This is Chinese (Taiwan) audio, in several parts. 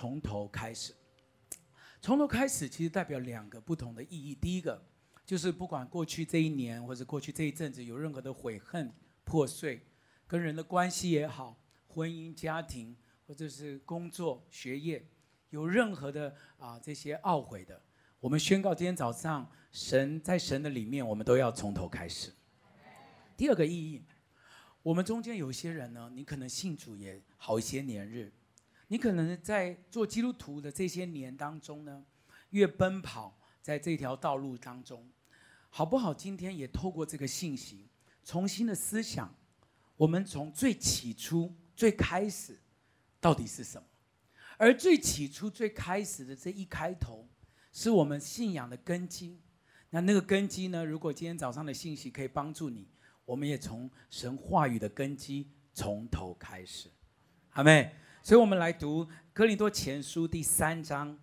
從頭開始，從頭開始其實代表兩個不同的意義。第一個就是不管過去這一年或者過去這一陣子有任何的悔恨、破碎，跟人的關係也好，婚姻、家庭或者是工作、學業，有任何的啊這些懊悔的，我們宣告今天早上，神在神的裡面，我們都要從頭開始。第二個意義，我們中間有些人呢，你可能信主也好一些年日。你可能在做基督徒的這些年當中呢，越奔跑在這條道路當中，好不好？今天也透過這個信息，重新的思想，我們從最起初、最開始到底是什麼？而最起初、最開始的這一開頭，是我們信仰的根基。那那個根基呢？如果今天早上的信息可以幫助你，我們也從神話語的根基從頭開始，阿們。所以，我們來讀《哥林多前書》第三章，《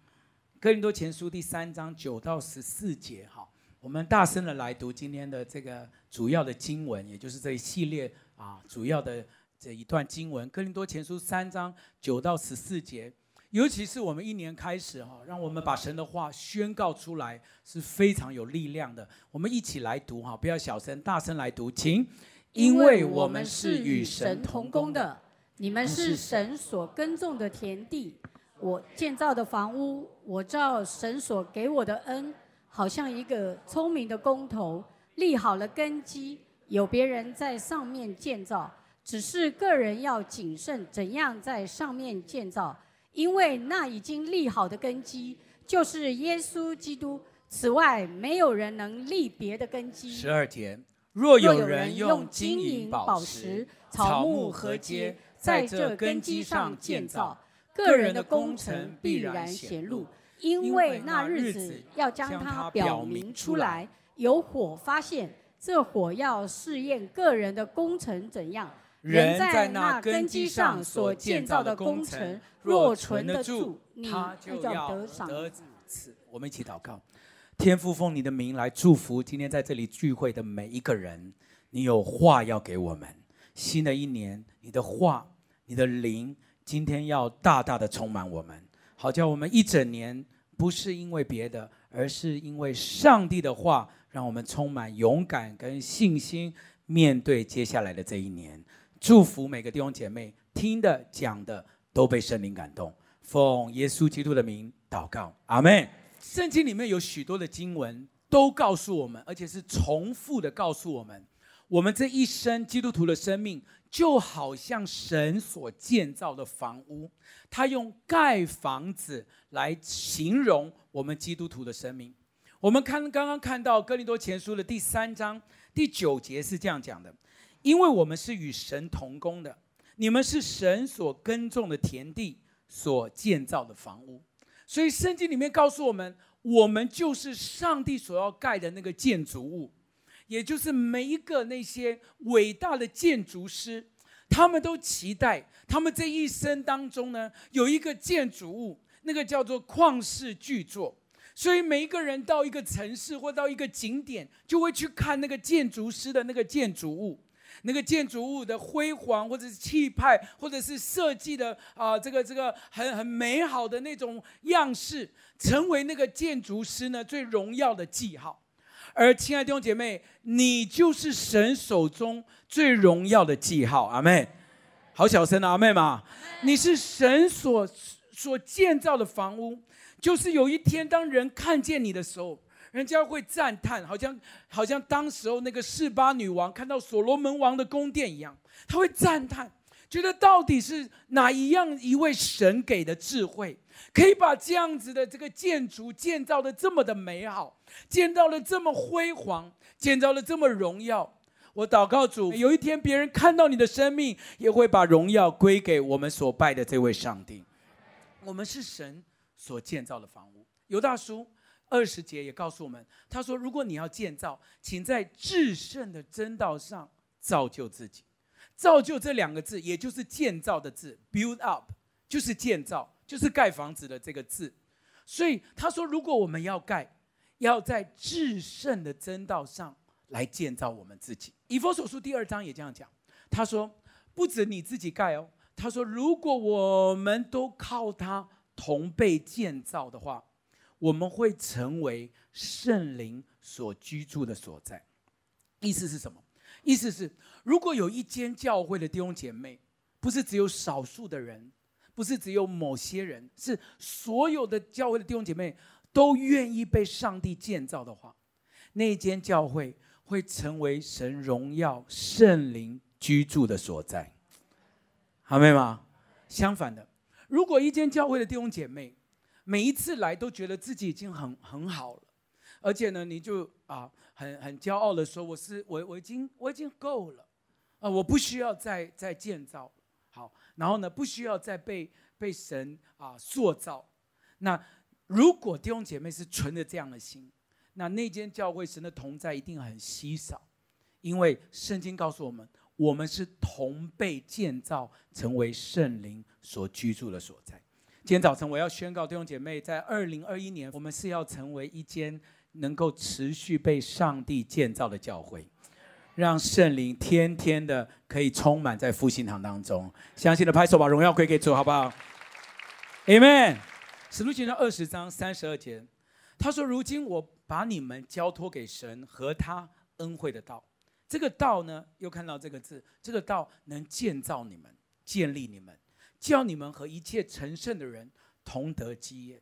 哥林多前書》第三章九到十四節。哈，我們大聲的來讀今天的這個主要的經文，也就是這一系列啊，主要的這一段經文，《哥林多前書》三章九到十四節。尤其是我們一年開始哈，讓我們把神的話宣告出來，是非常有力量的。我們一起來讀哈，不要小聲，大聲來讀，請，因為我們是與神同工的。你們是神所耕種的田地，我建造的房屋，我照神所給我的恩，好像一個聰明的工頭，立好了根基，有別人在上面建造，只是各人要謹慎，怎樣在上面建造，因為那已經立好的根基就是耶穌基督。此外，沒有人能立別的根基。十二田，若有人用金銀寶石、草木禾秸。在這根基上建造，個人的工程必然顯露，因為那日子要將它表明出來。有火發現，這火要試驗個人的工程怎樣。人在那根基上所建造的工程若存得住，你就要得賞賜。我們一起禱告，天父，奉你的名來祝福今天在這裡聚會的每一個人。你有話要給我們，新的一年，你的話。你的靈今天要大大的充滿我們，好叫我們一整年不是因為別的，而是因為上帝的話，讓我們充滿勇敢跟信心，面對接下來的這一年。祝福每個弟兄姐妹，聽的講的都被聖靈感動。奉耶穌基督的名禱告，阿們。聖經裡面有許多的經文都告訴我們，而且是重複的告訴我們，我們這一生基督徒的生命。就好像神所建造的房屋，他用蓋房子來形容我們基督徒的生命，我們看剛剛看到哥林多前書的第三章第九節是這樣講的：因為我們是與神同工的，你們是神所耕種的田地所建造的房屋，所以聖經裡面告訴我們，我們就是上帝所要蓋的那個建築物。也就是每一個那些偉大的建築師，他們都期待他們這一生當中呢，有一個建築物，那個叫做曠世巨作。所以每一個人到一個城市或到一個景點，就會去看那個建築師的那個建築物，那個建築物的輝煌或者是氣派，或者是設計的啊、呃，這個這個很很美好的那種樣式，成為那個建築師呢最榮耀的記號。而親愛的弟兄姐妹，你就是神手中最榮耀的記號，阿們。好小聲的、啊、阿們嘛、哎。你是神所所建造的房屋，就是有一天當人看見你的時候，人家會讚歎，好像好像當時候那個示巴女王看到所羅門王的宮殿一樣，他會讚嘆。覺得到底是哪一樣一位神給的智慧，可以把這樣子的這個建築建造的這麼的美好，建造了這麼輝煌，建造了這麼榮耀。我禱告主，有一天別人看到你的生命，也會把榮耀歸給我們所拜的這位上帝。我們是神所建造的房屋。猶大書二十節也告訴我們，他說：“如果你要建造，請在至聖的真道上造就自己。”造就這兩個字，也就是建造的字，build up，就是建造，就是蓋房子的這個字。所以他說，如果我們要蓋，要在至聖的真道上來建造我們自己。以弗所書第二章也這樣講。他說，不止你自己蓋哦。他說，如果我們都靠他同被建造的話，我們會成為聖靈所居住的所在。意思是什麼？意思是，如果有一間教會的弟兄姐妹，不是只有少數的人，不是只有某些人，是所有的教會的弟兄姐妹都願意被上帝建造的話，那一間教會會成為神榮耀聖靈居住的所在，好沒嗎？相反的，如果一間教會的弟兄姐妹每一次來都覺得自己已經很很好了。而且呢，你就啊很很驕傲的說，我是我我已經我已經夠了，啊，我不需要再再建造好，然後呢，不需要再被被神啊塑造。那如果弟兄姐妹是存着這樣的心，那那間教會神的同在一定很稀少，因為聖經告訴我們，我們是同被建造成為聖靈所居住的所在。今天早晨我要宣告，弟兄姐妹，在二零二一年，我們是要成為一間。能夠持續被上帝建造的教會，讓聖靈天天的可以充滿在復興堂當中。相信的拍手，把榮耀歸給主，好不好？Amen。使徒行傳二十章三十二節，他說：“如今我把你們交托給神和他恩惠的道。這個道呢，又看到這個字，這個道能建造你們，建立你們，叫你們和一切成聖的人同得基業。”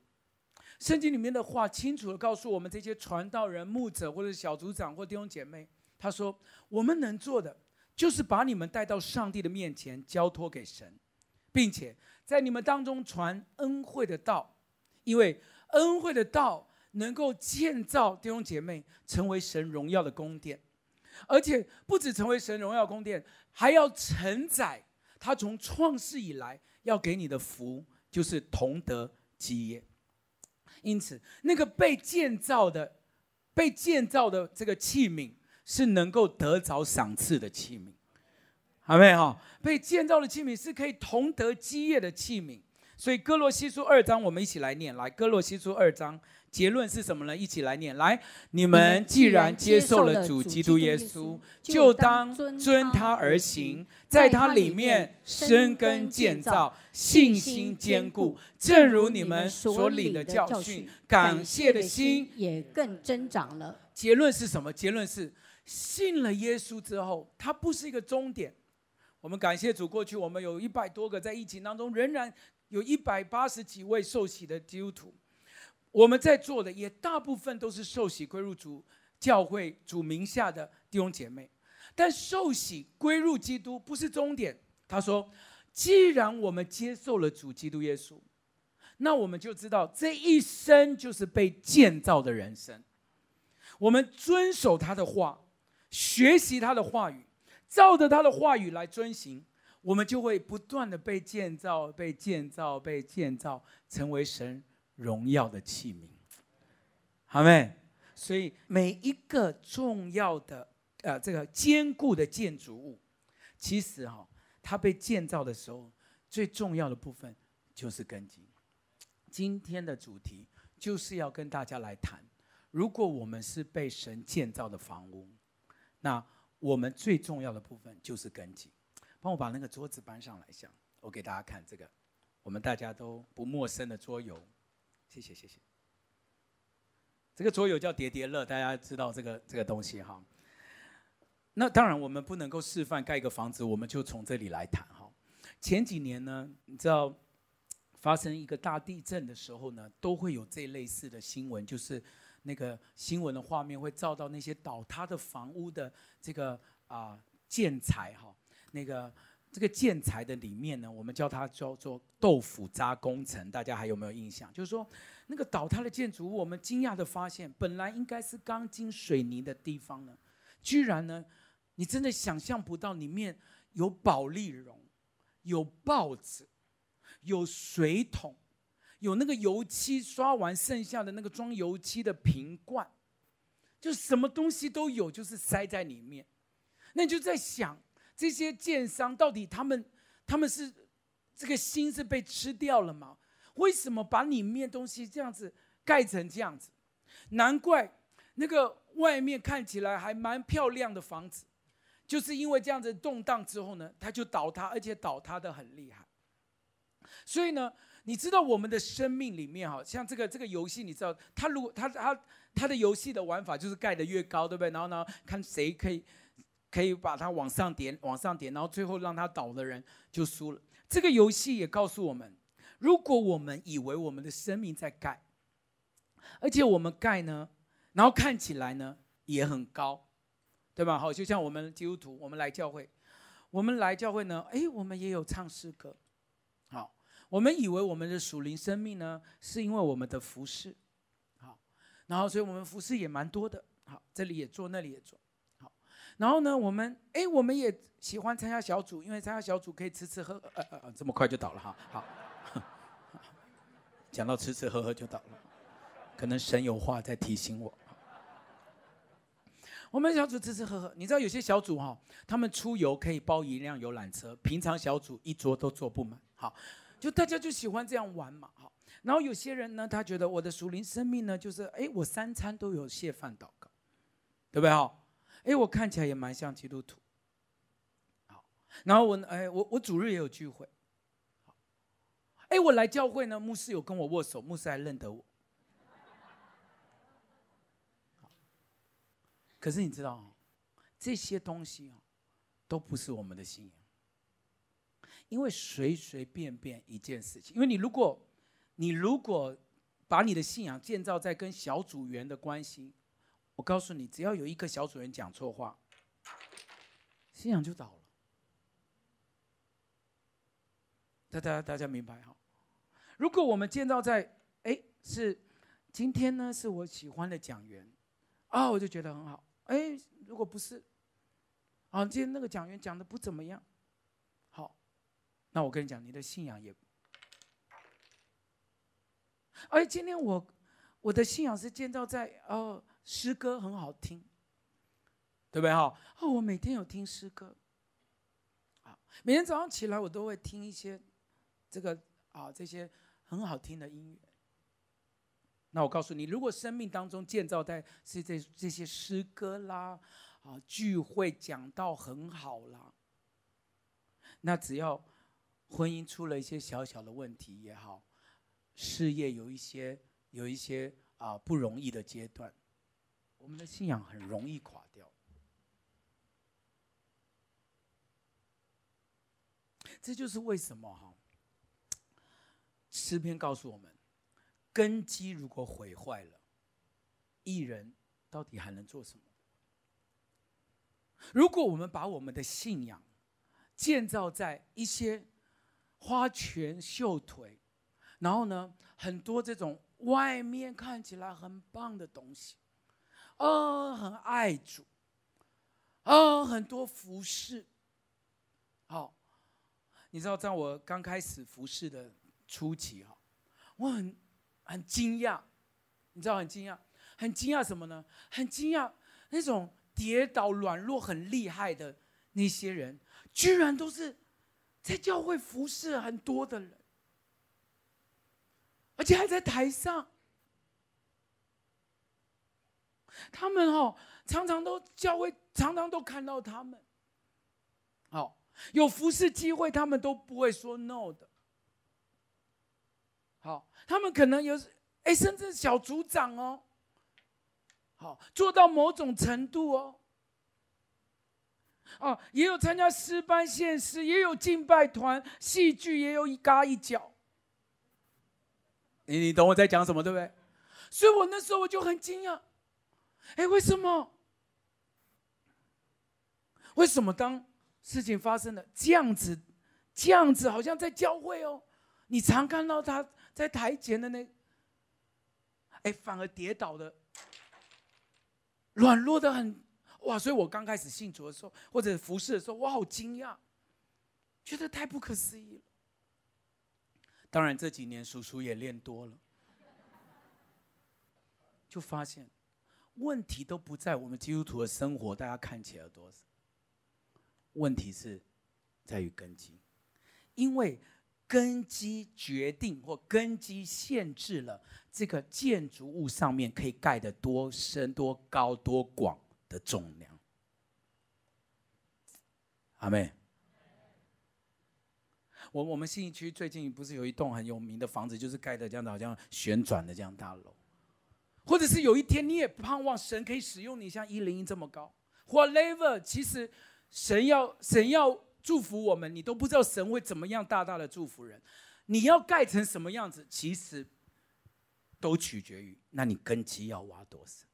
聖經裡面的話清楚地告訴我們這些傳道人、牧者或者小組長或弟兄姐妹，他說：“我們能做的就是把你們帶到上帝的面前，交托給神，並且在你們當中傳恩惠的道，因為恩惠的道能夠建造弟兄姐妹成為神榮耀的宮殿，而且不止成為神榮耀宮殿，還要承載他從創世以來要給你的福，就是同得基業。”因此，那個被建造的、被建造的這個器皿，是能夠得着賞賜的器皿，好沒有？哈，被建造的器皿是可以同得基業的器皿。所以歌羅西書二章，我們一起來念，來歌羅西書二章。結論是什麼呢？一起來念來，你們既然接受了主基督耶穌，就當遵他而行，在他裡面生根建造，信心堅固。正如你們所領的教訓，感謝的心也更增長了。結論是什麼？結論是信了耶穌之後，他不是一個終點。我們感謝主，過去我們有一百多個在疫情當中，仍然有一百八十幾位受洗的基督徒。我們在座的也大部分都是受洗歸入主教會主名下的弟兄姐妹，但受洗歸入基督不是終點。他說：“既然我們接受了主基督耶穌，那我們就知道這一生就是被建造的人生。我們遵守他的話，學習他的話語，照着他的話語來遵行，我們就會不斷地被建造、被建造、被建造，成為神。”榮耀的器皿，好沒？所以每一個重要的呃，這個堅固的建築物，其實哈、哦，它被建造的時候，最重要的部分就是根基。今天的主題就是要跟大家來談，如果我們是被神建造的房屋，那我們最重要的部分就是根基。幫我把那個桌子搬上來，一下。我給大家看這個，我們大家都不陌生的桌遊。謝謝謝謝，這個桌遊叫疊疊樂，大家知道這個這個東西哈。那當然我們不能夠示範蓋一個房子，我們就從這裡來談哈。前幾年呢，你知道發生一個大地震的時候呢，都會有這類似的新聞，就是那個新聞的畫面會照到那些倒塌的房屋的這個啊、呃、建材哈，那個。這個建材的裡面呢，我們叫它，叫做豆腐渣工程。大家還有沒有印象？就是說，那個倒塌的建築物，我們驚訝地發現，本來應該是鋼筋水泥的地方呢，居然呢，你真的想象不到裡面有保麗龍，有報紙，有水桶，有那個油漆刷完剩下的那個裝油漆的瓶罐，就什麼東西都有，就是塞在裡面。那你就在想。這些建商到底他們他們是這個心是被吃掉了嗎？為什麼把裡面東西這樣子蓋成這樣子？難怪那個外面看起來還蠻漂亮的房子，就是因為這樣子動盪之後呢，它就倒塌，而且倒塌得很厲害。所以呢，你知道我們的生命裡面，好像這個這個遊戲，你知道，它如果它它它的遊戲的玩法就是蓋得越高，對不對？然後呢，看誰可以，可以把它往上點，往上點，然後最後讓它倒的人就輸了。這個遊戲也告訴我們：如果我們以為我們的生命在蓋，而且我們蓋呢，然後看起來呢也很高，對吧？好，就像我們基督徒，我們來教會，我們來教會呢，誒、哎，我們也有唱詩歌。好，我們以為我們的屬靈生命呢，是因為我們的服侍。好，然後所以我們服侍也蠻多的。好，這裡也做，那裡也做。然後呢，我們哎，我們也喜歡參加小組，因為參加小組可以吃吃喝喝。呃呃，這麼快就倒了哈，好，講到吃吃喝喝就倒了，可能神有話在提醒我。我們小組吃吃喝喝，你知道有些小組哈、哦，他們出遊可以包一輛遊覽車，平常小組一桌都坐不滿，哈就大家就喜歡這樣玩嘛，哈然後有些人呢，他覺得我的屬靈生命呢，就是哎，我三餐都有謝飯禱告，對不對、哦？哈哎，我看起來也蠻像基督徒，好，然後我，哎，我我主日也有聚會，哎，我來教會呢，牧師有跟我握手，牧師還認得我，可是你知道，這些東西啊，都不是我們的信仰，因為隨隨便便一件事情，因為你如果，你如果把你的信仰建造在跟小組員的關係。我告訴你，只要有一個小組員講錯話，信仰就倒了。大家大家明白哈？如果我們建造在，哎、欸，是今天呢是我喜歡的講員，啊、哦，我就覺得很好。哎、欸，如果不是，啊，今天那個講員講的不怎麼樣，好，那我跟你講，你的信仰也，哎、欸，今天我我的信仰是建造在哦。呃詩歌很好聽，對不對哈？哦，我每天有聽詩歌，啊，每天早上起來我都會聽一些這個啊這些很好聽的音樂。那我告訴你，如果生命當中建造在是這這些詩歌啦，啊聚會講到很好啦。那只要婚姻出了一些小小的問題也好，事業有一些有一些啊不容易的階段。我們的信仰很容易垮掉，這就是為什麼哈。詩篇告訴我們，根基如果毀壞了，義人到底還能做什麼？如果我們把我們的信仰建造在一些花拳繡腿，然後呢，很多這種外面看起來很棒的東西。嗯、oh,，很愛主。嗯、oh,，很多服侍。好、oh,，你知道，在我剛開始服侍的初期哈，我很很驚訝，你知道，很驚訝，很驚訝什麼呢？很驚訝那種跌倒軟弱很厲害的那些人，居然都是在教會服侍很多的人，而且還在台上。他們哦、喔，常常都教會，常常都看到他們，好、oh. 有服侍機會，他們都不會說 no 的。好、oh.，他們可能有，哎、欸，甚至小組長哦、喔，好、oh. 做到某種程度哦、喔，哦、oh.，也有參加詩班獻詩，也有敬拜團，戲劇也有一軋一腳。你你懂我在講什麼，對不對？所以我那時候我就很驚訝。哎、欸，為什麼？為什麼當事情發生了這樣子，這樣子好像在教會哦？你常看到他在台前的那個，哎，反而跌倒的，軟弱的很哇！所以我剛開始信主的時候，或者服侍的時候，哇，好驚訝，覺得太不可思議了。當然這幾年叔叔也練多了，就發現。問題都不在我們基督徒的生活，大家看起來有多少問題，是在於根基，因為根基決定或根基限制了這個建築物上面可以蓋得多深、多高、多廣的重量。阿們，我我們信義區最近不是有一棟很有名的房子，就是蓋的這樣，好像旋轉的這樣大樓。或者是有一天你也盼望神可以使用你，像一零一這麼高。Whatever，其實神要神要祝福我們，你都不知道神會怎麼樣大大的祝福人。你要蓋成什麼樣子，其實都取決於。那你根基要挖多深？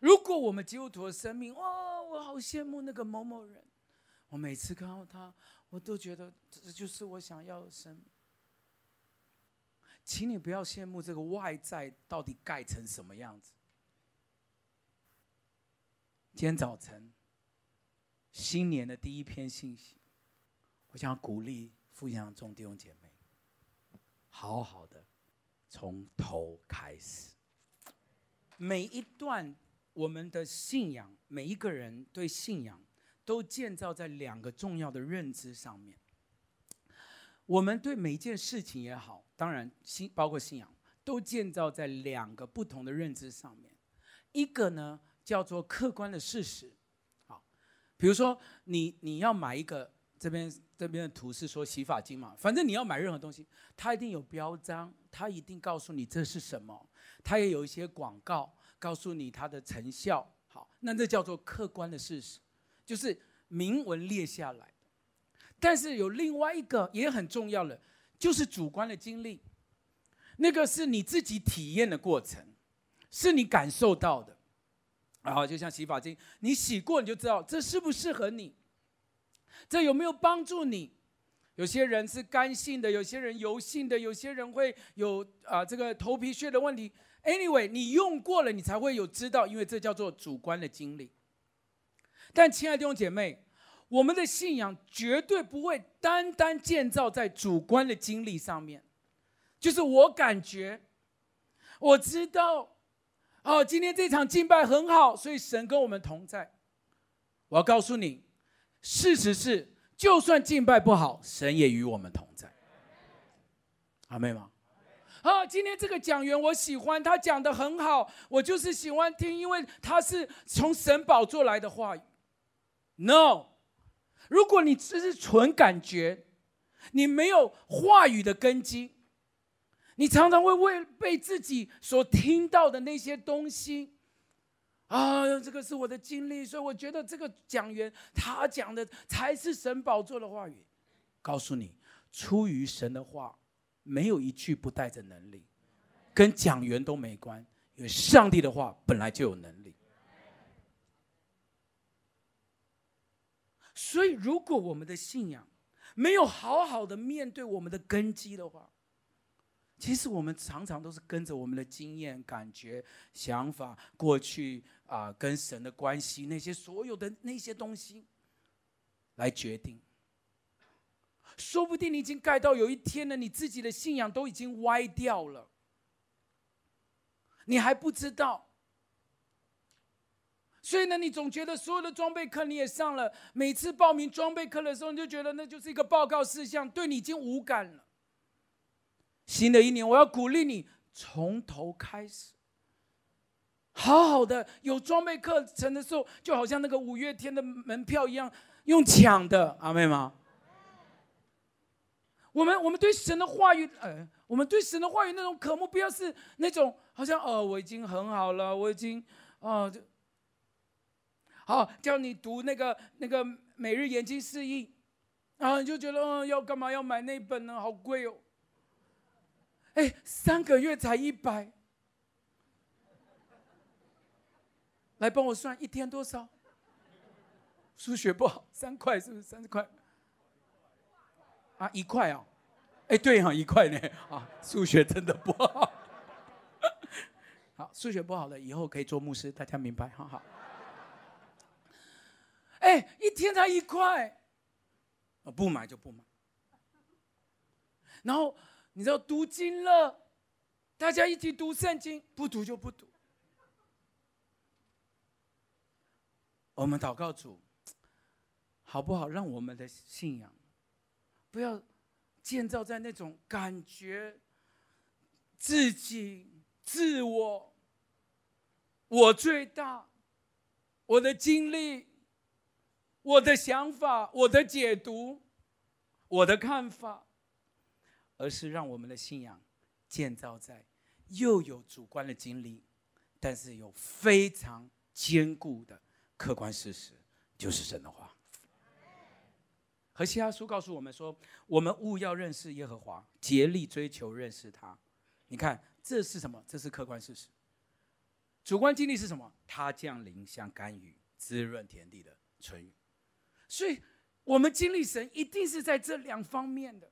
如果我們基督徒的生命，哇、哦，我好羨慕那個某某人，我每次看到他，我都覺得這就是我想要的生命。請你不要羨慕這個外在到底蓋成什麼樣子。今天早晨，新年的第一篇信息，我想要鼓勵復興堂眾弟兄姐妹，好好的從頭開始。每一段我們的信仰，每一個人對信仰，都建造在兩個重要的認知上面。我們對每一件事情也好。當然，信包括信仰，都建造在兩個不同的認知上面。一個呢，叫做客觀的事實，好，比如說你你要買一個，這邊這邊的圖是說洗髮精嘛，反正你要買任何東西，它一定有標章，它一定告訴你這是什麼，它也有一些廣告告訴你它的成效，好，那這叫做客觀的事實，就是明文列下來。但是有另外一個也很重要的。就是主觀的經歷，那個是你自己體驗的過程，是你感受到的。然後就像洗髮精，你洗過你就知道這適不適合你，這有沒有幫助你？有些人是乾性的，有些人油性的，有些人會有啊這個頭皮屑的問題。Anyway，你用過了你才會有知道，因為這叫做主觀的經歷。但親愛的弟兄姐妹。我們的信仰絕對不會單單建造在主觀的經歷上面，就是我感覺，我知道，哦，今天這場敬拜很好，所以神跟我們同在。我要告訴你，事實是，就算敬拜不好，神也與我們同在。阿們嗎？好，今天這個講員我喜歡，他講得很好，我就是喜歡聽，因為他是從神寶座來的話語。No。如果你只是純感覺，你沒有話語的根基，你常常會為被自己所聽到的那些東西，啊，這個是我的經歷，所以我覺得這個講員他講的才是神寶座的話語。告訴你，出於神的話，沒有一句不帶着能力，跟講員都沒關，因為上帝的話本來就有能力。所以，如果我們的信仰沒有好好的面對我們的根基的話，其實我們常常都是跟着我們的經驗、感覺、想法、過去啊、呃，跟神的關係那些所有的那些東西來決定。說不定你已經蓋到有一天了，你自己的信仰都已經歪掉了，你還不知道。所以呢，你總覺得所有的裝備課你也上了，每次報名裝備課的時候，你就覺得那就是一個報告事項，對你已經無感了。新的一年，我要鼓勵你從頭開始，好好的有裝備課程的時候，就好像那個五月天的門票一樣，用搶的阿妹們。我們我們對神的話語，呃，我們對神的話語那種渴慕，不要是那種好像呃，我已經很好了，我已經哦就。好，叫你讀那個那個每日研經釋義，啊，你就覺得，哦，要幹嘛要買那本呢？好貴哦！哎，三個月才一百，來幫我算一天多少？數學不好，三塊是不是三十塊？啊，一塊哦，哎對啊，一塊呢啊，數學真的不好。好，數學不好了，以後可以做牧師，大家明白？哈哈。好哎、欸，一天才一塊，我不買就不買。然後你知道讀經了，大家一起讀聖經，不讀就不讀。我們禱告主，好不好？讓我們的信仰不要建造在那種感覺，自己、自我，我最大，我的經歷。我的想法，我的解讀，我的看法，而是讓我們的信仰建造在又有主觀的經歷，但是有非常堅固的客觀事實，就是神的話。何西阿書告訴我們說：“我們務要認識耶和華，竭力追求認識他。”你看，這是什麼？這是客觀事實。主觀經歷是什麼？他降臨像甘雨，滋潤田地的春雨。所以，我們經歷神一定是在這兩方面的，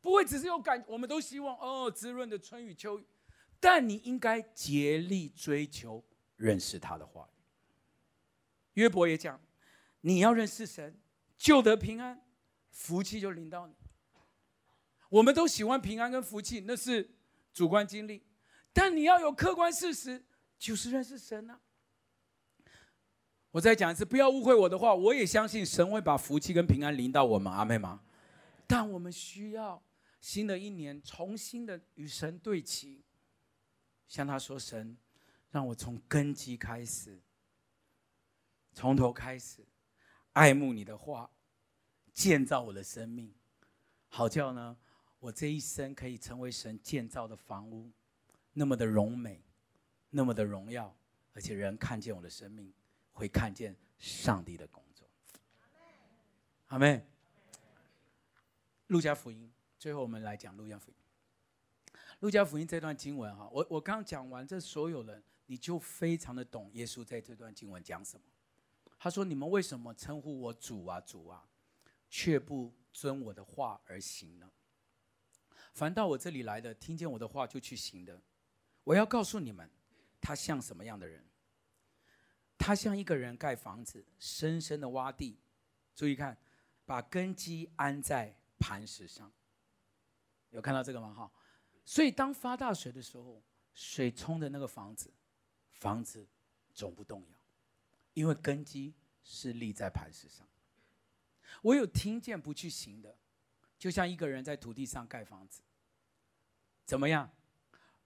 不會只是有感覺。我們都希望哦，滋潤的春雨、秋雨，但你應該竭力追求認識他的話語。約伯也講，你要認識神，就得平安，福氣就臨到你。我們都喜歡平安跟福氣，那是主觀經歷，但你要有客觀事實，就是認識神啊。我再講一次，不要誤會我的話。我也相信神會把福氣跟平安臨到我們，阿們嗎？但我們需要新的一年重新的與神對齊，向他說：“神，讓我從根基開始，從頭開始，愛慕你的話，建造我的生命，好叫呢我這一生可以成為神建造的房屋，那麼的榮美，那麼的榮耀，而且人看見我的生命。”會看見上帝的工作，阿門，阿門。路加福音，最後我們來講路加福音。路加福音這段經文哈，我我剛講完這所有人，你就非常的懂耶穌在這段經文講什麼。他說：“你們為什麼稱呼我主啊主啊，卻不遵我的話而行呢？凡到我這裡來的，聽見我的話就去行的，我要告訴你們，他像什麼樣的人。”他像一個人蓋房子，深深的挖地，注意看，把根基安在磐石上。有看到這個嗎？哈，所以當發大水的時候，水沖的那個房子，房子總不動搖，因為根基是立在磐石上。我有聽見不去行的，就像一個人在土地上蓋房子。怎麼樣？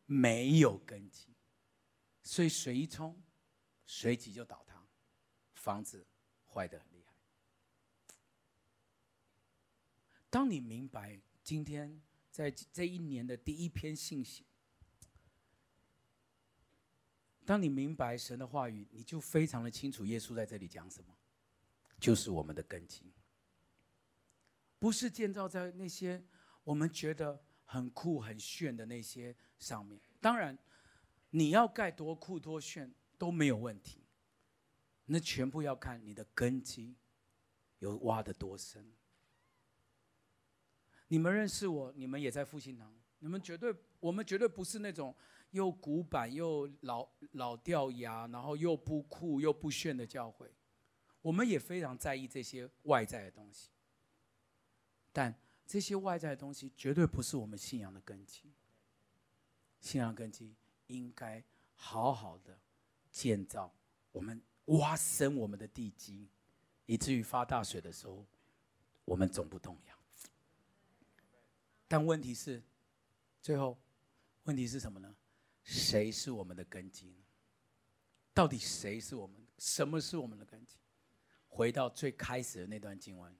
沒有根基，所以水一沖。隨即就倒塌，房子壞得很厲害。當你明白今天在這一年的第一篇信息，當你明白神的話語，你就非常的清楚耶穌在這裡講什麼，就是我們的根基，不是建造在那些我們覺得很酷很炫的那些上面。當然，你要蓋多酷多炫，都沒有問題，那全部要看你的根基有挖得多深。你們認識我，你們也在復興堂，你們絕對，我們絕對不是那種又古板又老、老掉牙，然後又不酷又不炫的教會。我們也非常在意這些外在的東西，但這些外在的東西絕對不是我們信仰的根基。信仰的根基應該好好的建造，我們挖深我們的地基，以至於發大水的時候，我們總不動搖。但問題是，最後問題是什麼呢？誰是我們的根基？到底誰是我們？什麼是我們的根基？回到最開始的那段經文，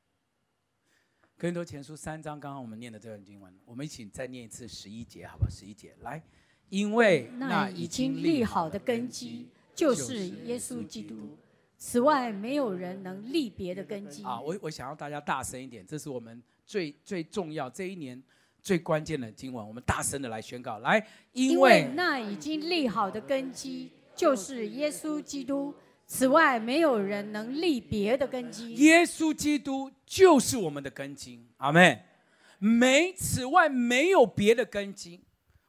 哥林多前書三章，剛剛我們念的這段經文，我們一起再念一次十一節，好不好？十一節，來，因為那已經立好的根基。就是耶穌基督。此外沒，就是、此外沒有人能立別的根基。啊，我我想要大家大聲一點，這是我們最最重要這一年最關鍵的今晚，我們大聲的來宣告，來，因，因為那已經立好的根基就是耶穌基督。此外，沒有人能立別的根基。耶穌基督就是我們的根基。阿們，沒，此外沒有別的根基。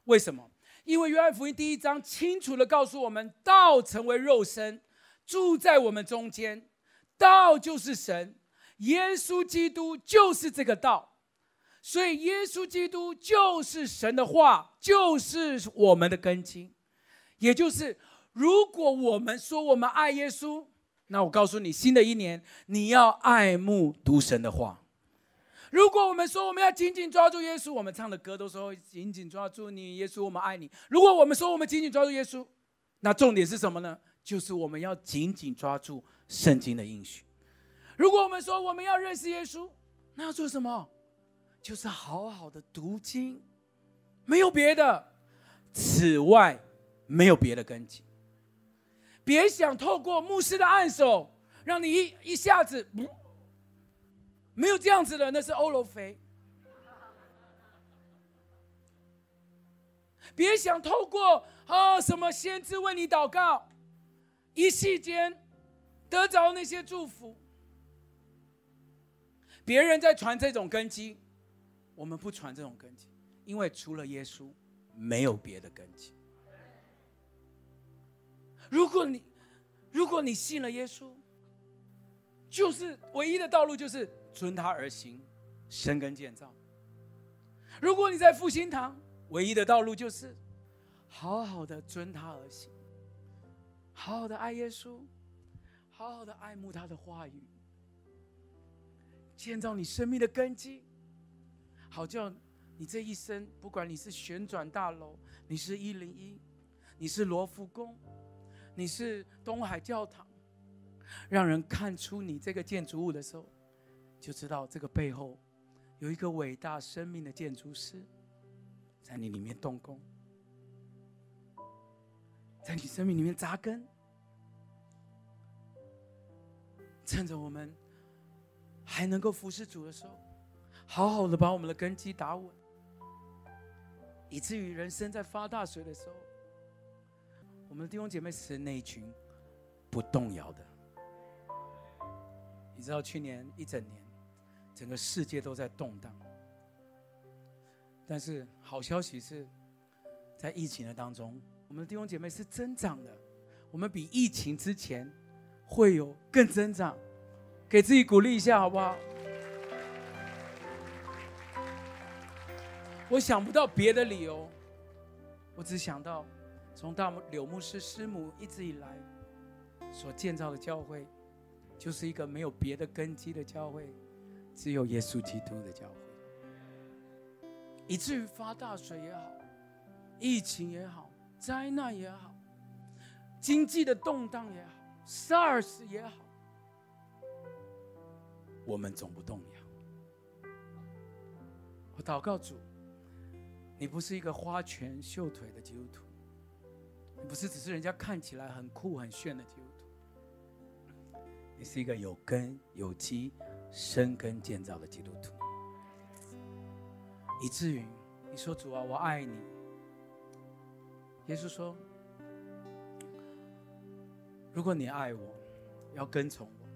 為什麼？因為《約翰福音》第一章清楚地告訴我們，道成為肉身，住在我們中間，道就是神，耶穌基督就是這個道，所以耶穌基督就是神的話，就是我們的根基。也就是，如果我們說我們愛耶穌，那我告訴你，新的一年，你要愛慕讀神的話。如果我們說我們要緊緊抓住耶穌，我們唱的歌都說緊緊抓住你，耶穌，我們愛你。如果我們說我們緊緊抓住耶穌，那重點是什麼呢？就是我們要緊緊抓住聖經的應許。如果我們說我們要認識耶穌，那要做什麼？就是好好的讀經，沒有別的，此外沒有別的根基。別想透過牧師的按手讓你一一下子。沒有這樣子的，那是歐羅肥。別想透過啊、哦、什麼先知為你禱告，一夕間得着那些祝福。別人在傳這種根基，我們不傳這種根基，因為除了耶穌，沒有別的根基。如果你，如果你信了耶穌，就是唯一的道路，就是。遵他而行，生根建造。如果你在復興堂，唯一的道路就是好好的遵他而行，好好的愛耶穌，好好的愛慕他的話語，建造你生命的根基，好叫你這一生，不管你是旋轉大樓，你是一零一，你是羅浮宮，你是東海教堂，讓人看出你這個建築物的時候。就知道這個背後有一個偉大生命的建築師，在你裡面動工，在你生命裡面扎根。趁着我們還能夠服侍主的時候，好好的把我們的根基打穩，以至於人生在發大水的時候，我們的弟兄姐妹是那一群不動搖的。你知道去年一整年，整個世界都在動蕩，但是好消息是，在疫情的當中，我們的弟兄姐妹是增長的。我們比疫情之前會有更增長，給自己鼓勵一下，好不好？我想不到別的理由，我只想到，從大柳牧師師母一直以來所建造的教會，就是一個沒有別的根基的教會。只有耶穌基督的教會，以至於發大水也好，疫情也好，災難也好，經濟的動盪也好，SARS 也好，我們總不動搖。我禱告主，你不是一個花拳繡腿的基督徒，你不是只是人家看起來很酷很炫的基督徒，你是一個有根有基。生根建造的基督徒，以至於你說主啊，我愛你。耶穌說，如果你愛我，要跟從我，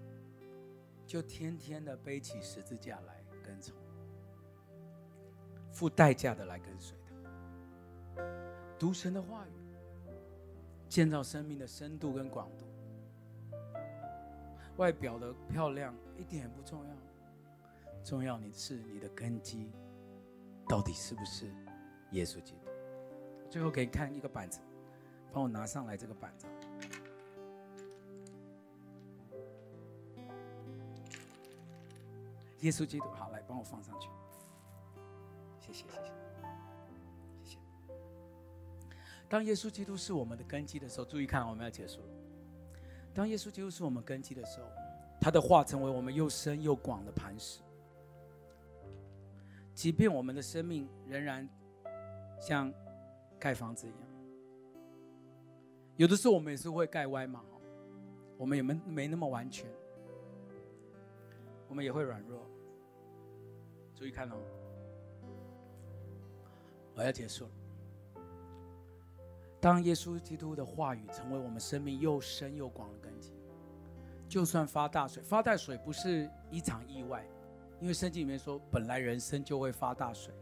就天天的背起十字架來跟從我，付代價的來跟隨他，讀神的話語，建造生命的深度跟廣度。外表的漂亮一點也不重要，重要的是你的根基，到底是不是耶穌基督？最後給你看一個板子，幫我拿上來這個板子。耶穌基督，好，來幫我放上去，謝謝，謝謝，謝謝。當耶穌基督是我們的根基的時候，注意看，我們要結束了。當耶穌基督是我們根基的時候，他的話成為我們又深又廣的磐石。即便我們的生命仍然像蓋房子一樣，有的時候我們也是會蓋歪嘛，我們也沒沒那麼完全，我們也會軟弱。注意看哦，我要結束了。當耶穌基督的話語成為我們生命又深又廣的根基，就算發大水，發大水不是一場意外，因為聖經裡面說，本來人生就會發大水，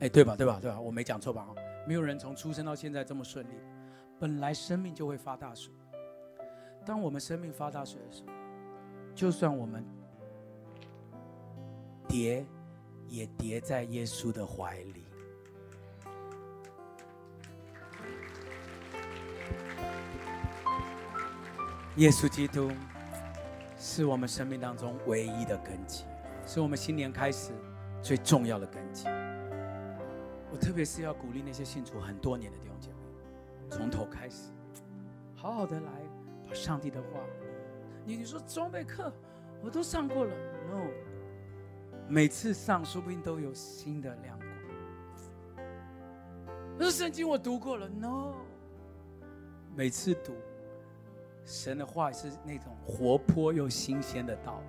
哎，對吧？對吧？對吧？我沒講錯吧？沒有人從出生到現在這麼順利，本來生命就會發大水。當我們生命發大水的時候，就算我們跌也跌在耶穌的懷裡。耶穌基督是我們生命當中唯一的根基，是我們新年開始最重要的根基。我特別是要鼓勵那些信主很多年的弟兄姐妹，從頭開始，好好的來把上帝的話。你你說裝備課我都上過了，no。每次上說不定都有新的亮光。那聖經我讀過了，no。每次讀。神的話是那種活潑又新鮮的道，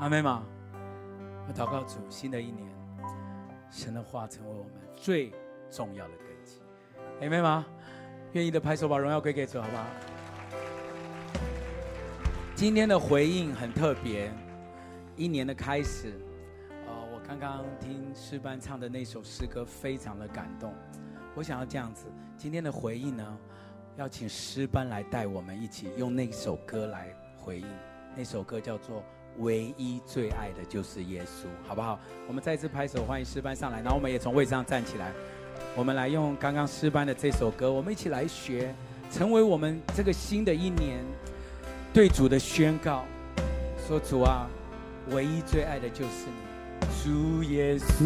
阿們，我禱告主，新的一年，神的話成為我們最重要的根基，阿們，願意的拍手把榮耀歸給主，好不好？今天的回應很特別，一年的開始，我剛剛聽詩班唱的那首詩歌，非常的感動，我想要這樣子，今天的回應呢，要請詩班來帶我們一起用那首歌來回應，那首歌叫做《唯一最愛的就是耶穌》，好不好？我們再次拍手歡迎詩班上來，然後我們也從位置上站起來，我們來用剛剛詩班的這首歌，我們一起來學，成為我們這個新的一年對主的宣告，說主啊，唯一最愛的就是你。主耶穌，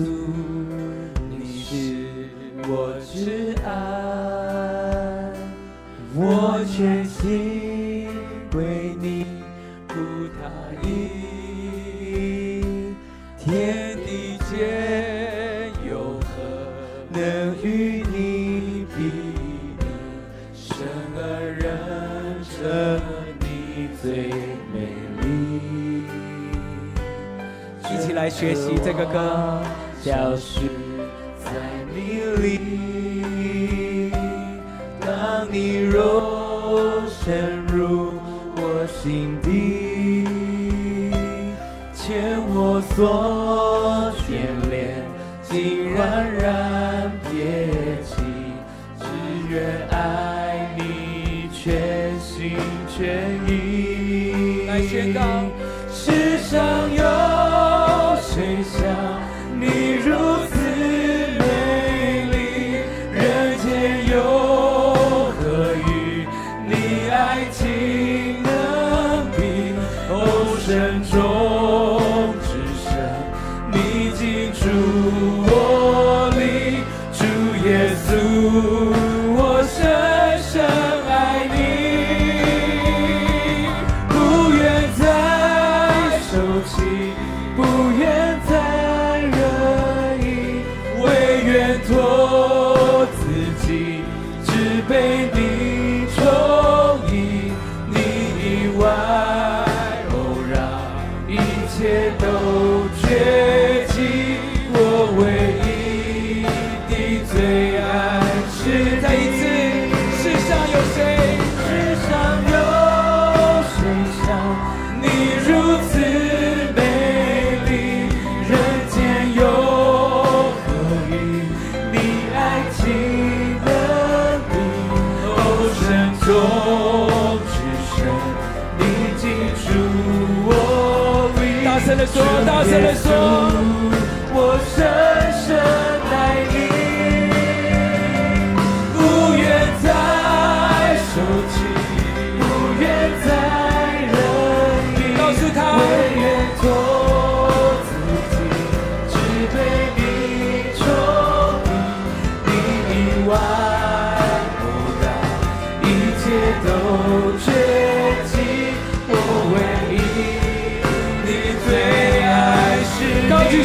你是我摯愛。我全心為你不答應，天地間有何能與你比？生而人稱你最美麗。一起來學習這個歌，叫旭。你若深入我心底，牽我所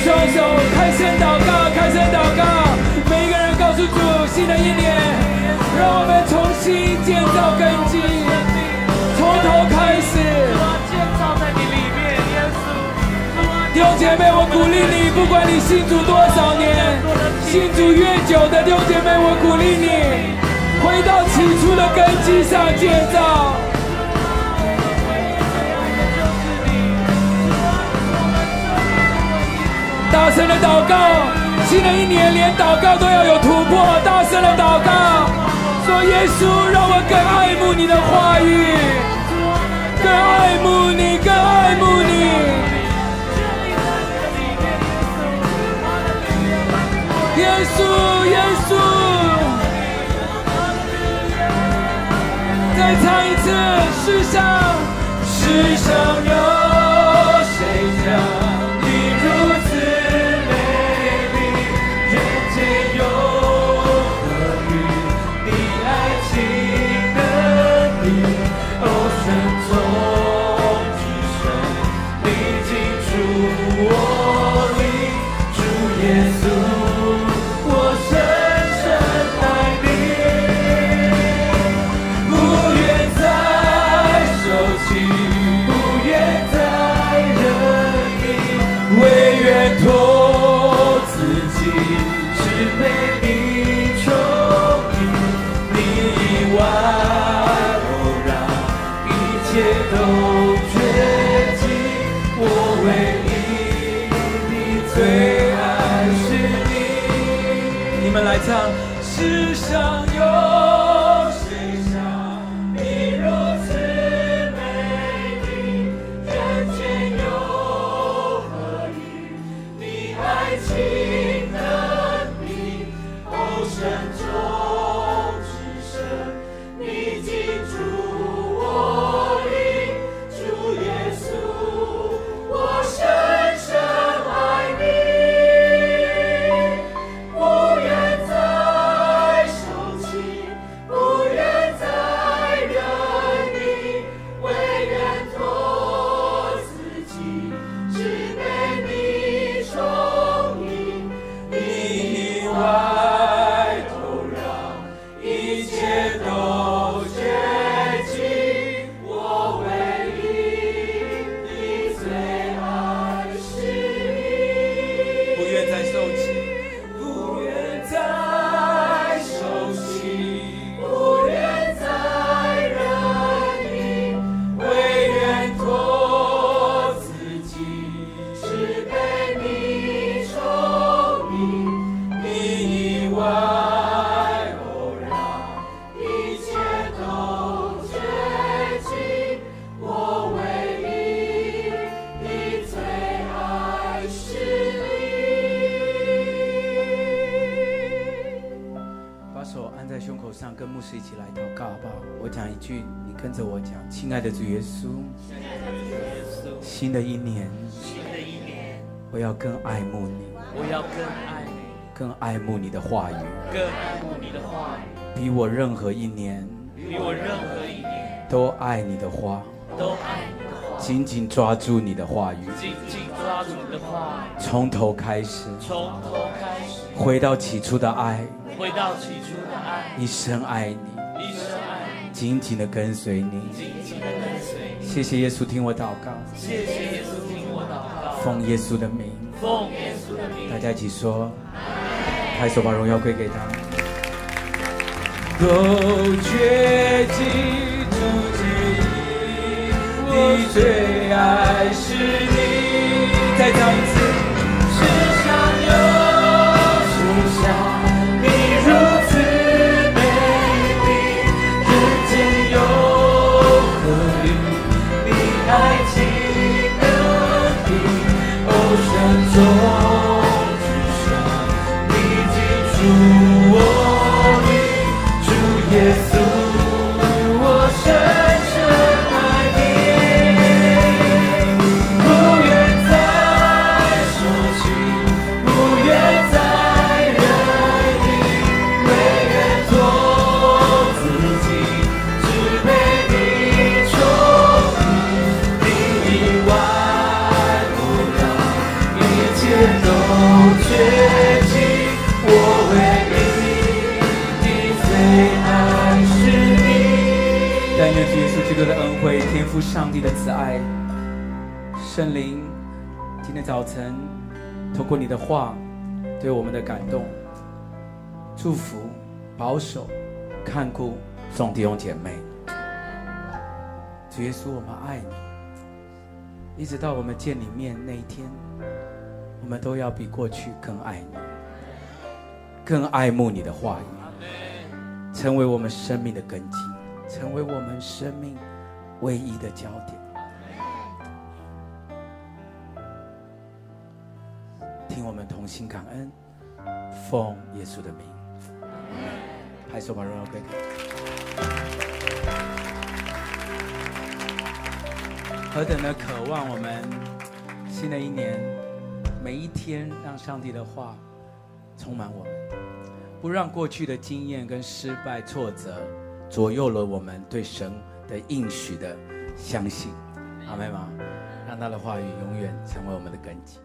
雙手，開聲禱告，開聲禱告，每一個人告訴主，新的一年，讓我們重新建造根基，從頭開始。我建造在你裡面，耶穌。弟兄姐妹，我鼓勵你，不管你信主多少年，信主越久的弟兄姐妹，我鼓勵你，回到起初的根基上建造。大聲的禱告，新的一年連禱告都要有突破。大聲的禱告，說耶穌，讓我更愛慕你的話語，更愛慕你，更愛慕你。耶穌，耶穌，再唱一次，世上，世上有的話語，更愛你的話語，比我任何一年，比我任何一年都愛你的話，都愛你的話，緊緊抓住你的話語，緊緊抓住你的話語，從頭開始，從頭開始，回到起初的愛，回到起初的愛，一生愛你，一生愛你，緊緊的跟隨你，緊緊的跟隨你，謝謝耶穌聽我禱告，謝謝耶穌聽我禱告，奉耶穌的名，奉耶穌的名，大家一起說。還是我把榮耀歸給他。都起我為你，但願主耶穌基督的恩惠、天父上帝的慈愛、聖靈，今天早晨透過你的話，對我們的感動、祝福、保守、看顧，眾弟兄姐妹，主耶穌，我們愛你，一直到我們見你面那一天。我們都要比過去更愛你，更愛慕你的話語，成為我們生命的根基，成為我們生命唯一的焦點。聽，我們同心感恩，奉耶穌的名，拍手把榮耀歸給。何等的渴望，我們新的一年！每一天，讓上帝的話充滿我們，不讓過去的經驗跟失敗、挫折左右了我們對神的應許的相信。阿們嗎？讓他的話語永遠成為我們的根基。